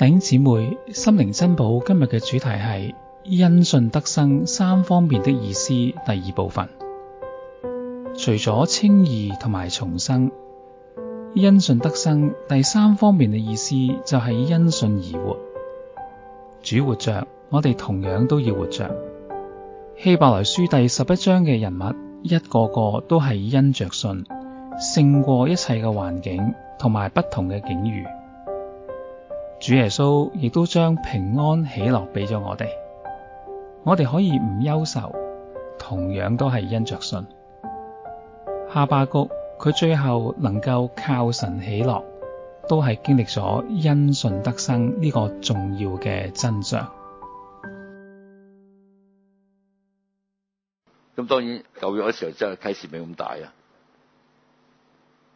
頂姊妹，心靈珍寶今日嘅主題係因信得生三方面的意思，第二部分。除咗清義同埋重生，因信得生第三方面嘅意思就係因信而活。主活着，我哋同樣都要活着。希伯來書第十一章嘅人物，一個個都係因着信勝過一切嘅環境同埋不同嘅境遇。主耶穌亦都將平安喜樂俾咗我哋，我哋可以唔憂愁，同樣都係因着信。哈巴谷佢最後能夠靠神喜樂，都係經歷咗因信得生呢個重要嘅真相。咁當然舊約嘅時候真係啟示唔係咁大啊，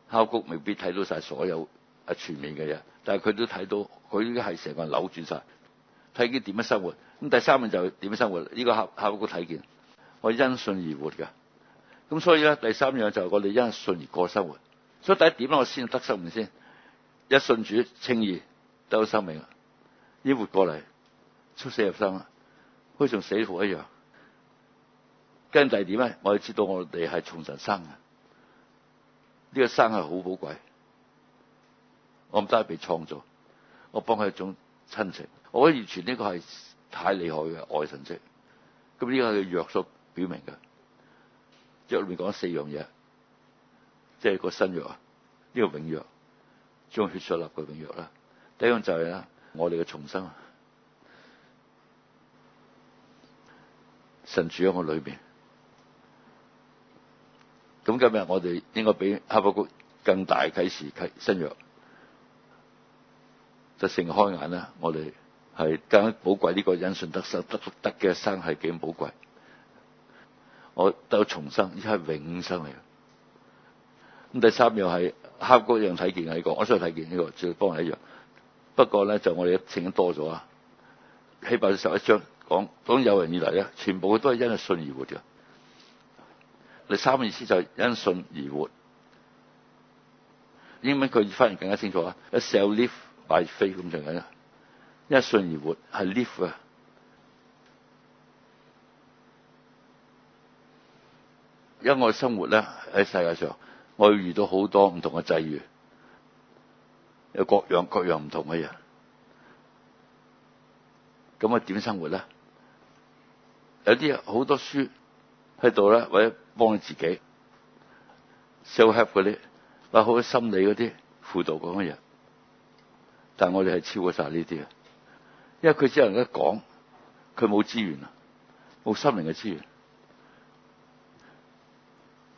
哈巴谷未必睇到晒所有。係全面嘅嘢，但係佢都睇到，佢係成個人扭轉曬，睇見點樣生活。咁第三樣就係點樣生活？呢個客客戶都睇見，我因信而活㗎。咁所以咧，第三樣就係我哋因信而過生活。所以第一點咧，我先得生命先，一信主稱義，得到生命。呢活過嚟，出死入生啦，好似從死火一樣。跟第二點咧，我哋知道我哋係從神生嘅，呢個生係好寶貴。我唔得係被創造，我幫佢一種親情。我覺得完全呢個係太厲害嘅愛神跡。咁呢個係約所表明嘅係裏面講咗四樣嘢，即係個新約啊，呢、這個永約將血所立嘅永約啦。第一樣就係啦，我哋嘅重生神住喺我裏面。咁今日我哋應該比哈巴谷更大嘅啟示，啟新約。性開眼啦！我哋係更加寶貴，呢個因信得生得得嘅生係幾寶貴。我得重生，而家係永生嚟。咁第三是一樣係黑谷樣睇見呢、這個，我想睇見呢、這個，最多係一樣。不過咧，就我哋一聖多咗啊。希伯十一章講講有人以嚟咧，全部都係因信而活嘅。第三個意思就係因信而活。英文句反而更加清楚啊！A 買飛咁，仲係一信而活係 live 啊！因為，因為我生活咧喺世界上，我要遇到好多唔同嘅際遇，有各樣各樣唔同嘅嘢，咁啊點生活咧？有啲好多書喺度咧，或者幫自己 self help 嗰啲，好多心理嗰啲輔導嗰啲嘢。但係我哋係超過晒呢啲啊，因為佢只能一講，佢冇資源啊，冇心靈嘅資源。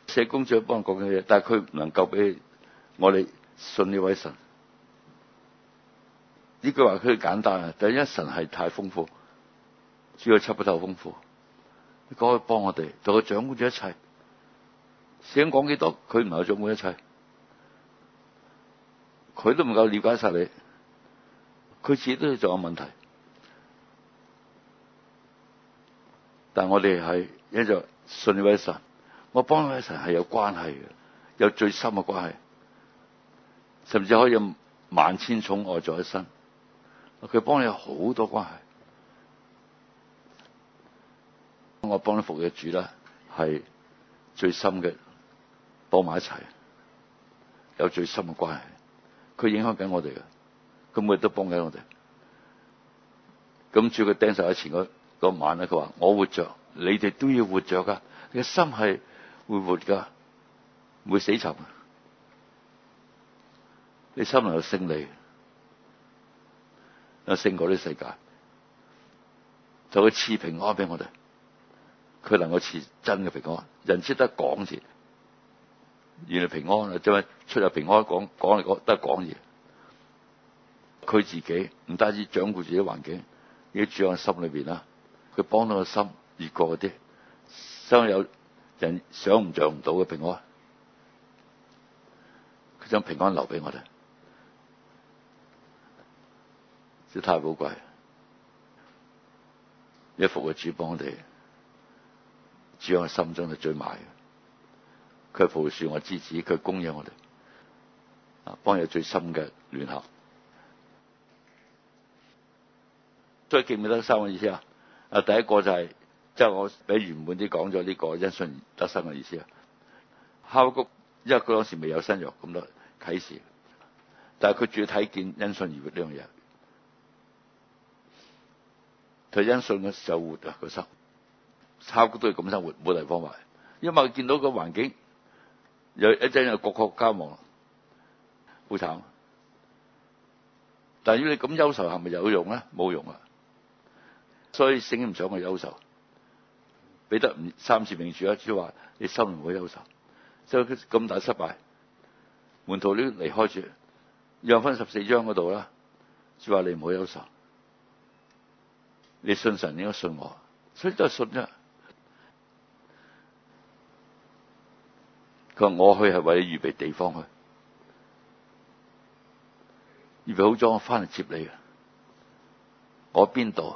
社工主幫幫講嘅嘢，但係佢唔能夠俾我哋信呢位神。呢句話佢簡單啊，第一，神係太豐富，主要測不透豐富。佢講佢幫我哋，同佢掌管咗一切。想講幾多，佢唔能夠掌管一切，佢都唔夠了解晒你。佢自己都要仲有問題，但係我哋係一就信了位神，我幫位神係有關係嘅，有最深嘅關係，甚至可以有萬千寵愛在一身。佢幫你有好多關係，我幫你服嘅主咧，係最深嘅，放埋一齊，有最深嘅關係。佢影響緊我哋嘅。咁佢都幫緊我哋。咁住佢釘實喺前嗰晚咧，佢話我活着，你哋都要活着噶。你嘅心係會活噶，唔會死沉。你心能夠勝利，能夠勝過呢個世界，就會賜平安俾我哋。佢能夠賜真嘅平安。人識得講字，原來平安啊，即係出入平安講講嚟講都係講字。佢自己唔單止掌顧自己環境，啲主喺心裏邊啦。佢幫到個心越過啲，真有人想唔像唔到嘅平安。佢將平安留俾我哋，真太寶貴。一服嘅主幫我哋，主喺心中係最埋嘅。佢葡萄樹我枝子，佢供應我哋，啊幫有最深嘅聯合。仲記唔記得三個意思啊？啊，第一個就係，即係我比原本啲講咗呢、這個因信而得生嘅意思啊。哈巴谷，因為佢當時未有新約咁多啟示，但係佢主要睇見因信而活呢樣嘢。佢因信嘅時候活啊個心，哈巴谷都要咁生活冇地方買，因為佢見到個環境有一陣又國破家亡，好慘。但係如果你咁憂愁，係咪有用咧？冇用啊！所以聖經唔想我憂愁，俾得三次命主，即係話你心唔好憂愁，就咁大失敗，門徒呢離開住，約翰十四章嗰度啦，即話你唔好憂愁，你信神應該信我，所以都係信啫。佢話我去係為咗預備地方去，預備好咗我翻嚟，接你呀，我邊度？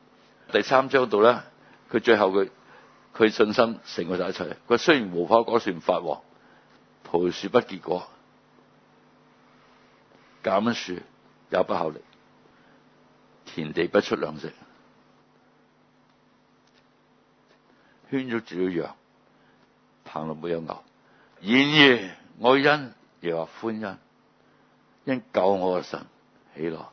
第三章度咧，佢最後佢佢信心成個晒一齊。佢雖然無花果樹唔發旺，葡萄樹不結果，橄欖樹也不效力，田地不出糧食，圈咗住咗羊，棚內冇有牛。然而我要因耶和華歡欣，因救我嘅神喜樂。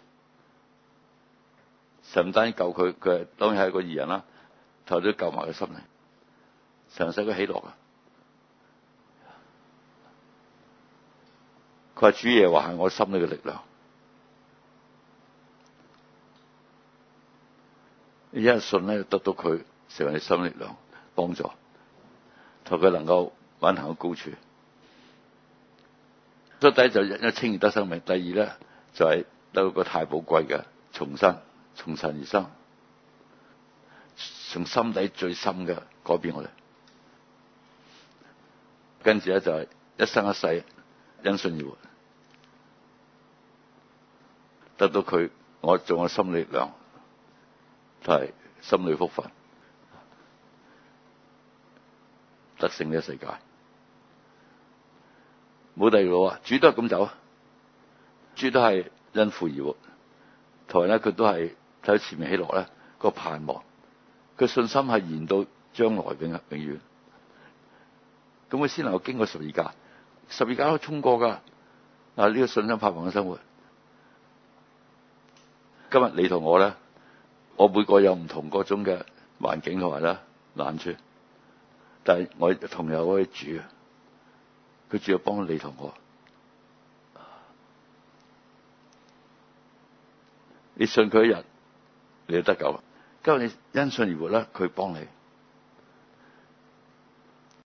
神單救佢，佢當然係個義人啦，頭都救埋個心嚟，神使佢起落啊！佢話，主耶和華係我心裏嘅力量，一信咧得到佢成為心力量幫助，同佢能夠穩行喺高處。第一就一稱義得生命，第二咧就係、是、得到個太寶貴嘅重生。從神而生，從心底最深嘅改變我哋，跟住咧就係、是、一生一世因信而活，得到佢我做我心理力量，就係心裡福份，得勝呢個世界。冇第二路啊！主都係咁走，主都係因父而活，同埋咧佢都係。喺前面起落咧，呢個盼望，佢信心係延到將來永永遠，咁佢先能夠經過十字架，十字架都衝過噶。嗱，呢個信心盼望嘅生活，今日你同我咧，我每個有唔同各種嘅環境同埋啦難處，但係我同友可以住，佢主要幫你同我，你信佢一日。你得救，今日你因信而活咧，佢幫你。